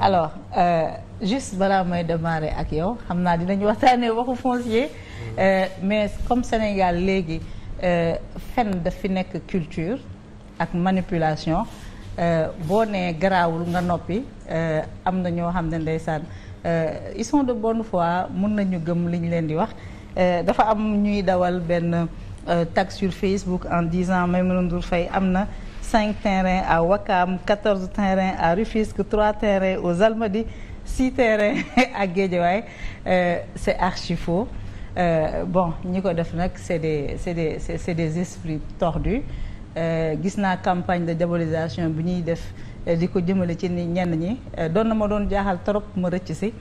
alors euh, juste balaa may démarrer ak yow xam naa dinañu waxtaanee waxu foncier. Mm. Euh, mais comme Sénégal léegi euh, fen daf fi nekk culture ak manipulation euh, boo nee garaawul nga noppi am na ñoo xam ne ndeysaan ils sont de bonne fois mun nañu gëm li ñu leen di wax dafa am ñuy dawal benn tag sur Facebook en disant Maimouna Ndour Faye am na. cinq terrains à Wakam quatorze terrains à Rufisque trois terrains aux Almadies six terrains ak Guédiawaye euh, c'est archi faux euh, bon ñi ko def nag c'est des c'est des c'est, c'est des esprits tordus euh, gis naa campagne de diabolisation bi ñuy def euh, di ko jëmale ci ni ñenn ñi euh, doon na ma doon jaaxal trop ma rëcc si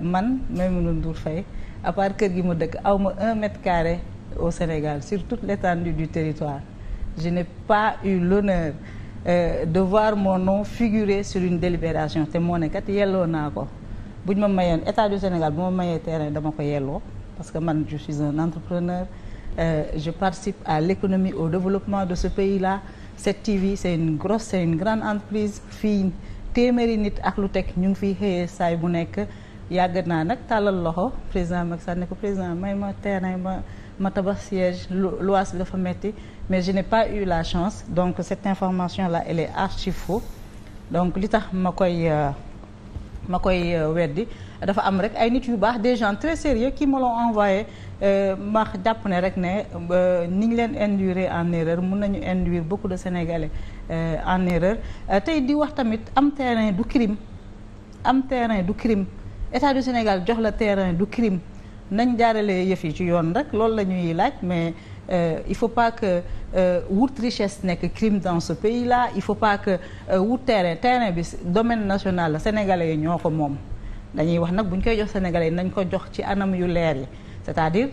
man Maïmouna Ndour Faye à part kër gi ma dëkk aw ma un mètre carré au Sénégal surtout toute l'étendue du territoire je n'ai pas eu l'honneur euh, de voir mon nom figurer sur une délibération te moo ne yelloo naa ko bu ñu ma mayoon état du Sénégal bu ma mayee terrain dama ko yelloo parce que man je suis un entrepreneur euh, je participe à l'économie au développement de ce pays la cette TV c'est une grosse c'est une grande entreprise fii téeméeri nit ak lu teg ñu ngi fiy xëyee saay bu nekk yàgg naa nag tàllal loxo président Macky Sall ko président may ma terrain ma ma tabax siège luwaas bi dafa metti mais je n'ai pas eu la chance donc cette information là elle est archi faux donc li tax ma koy euh, ma koy euh, weddi dafa am rek ay nit yu baax des gens très sérieux qui me l'ont envoyé euh, ma jàpp ne rek ne ni ñu leen induire en erreur mun nañu induire beaucoup de Sénégalais en erreur tey di wax tamit am terrain du crime am terrain du crime état du Sénégal jox la terrain du crime nañ jaarale yëf yi ci yoon rek loolu la ñuy laaj mais euh, il faut pas que euh, wut richesse nekk crime dans ce pays là il faut pas que euh, wut terrain terrain bi domaine national la sénégalais yi ñoo ko moom dañuy wax nag buñ koy jox sénégalais yi nañ ko jox ci anam yu leer yi c'est-à-dire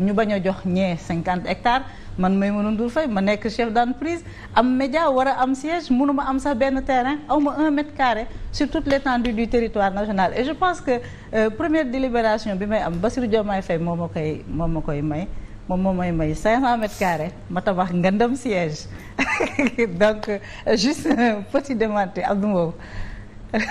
ñu bañ jox ñee cinquante hectare man may Maïmouna Ndour Faye ma nekk chef d'entreprise am média war a am siège mënuma am sax benn terrain aw ma un mètre carré sur toute l'étendue du territoire national et je pense que euh, première délibération bi may am Bassirou Diomaye Faye moo ma koy moo ma koy may moom moom moo may cinq 500 mètres carrés ma tabax ngandam siège donc euh, juste petit démenti Abdou Mbow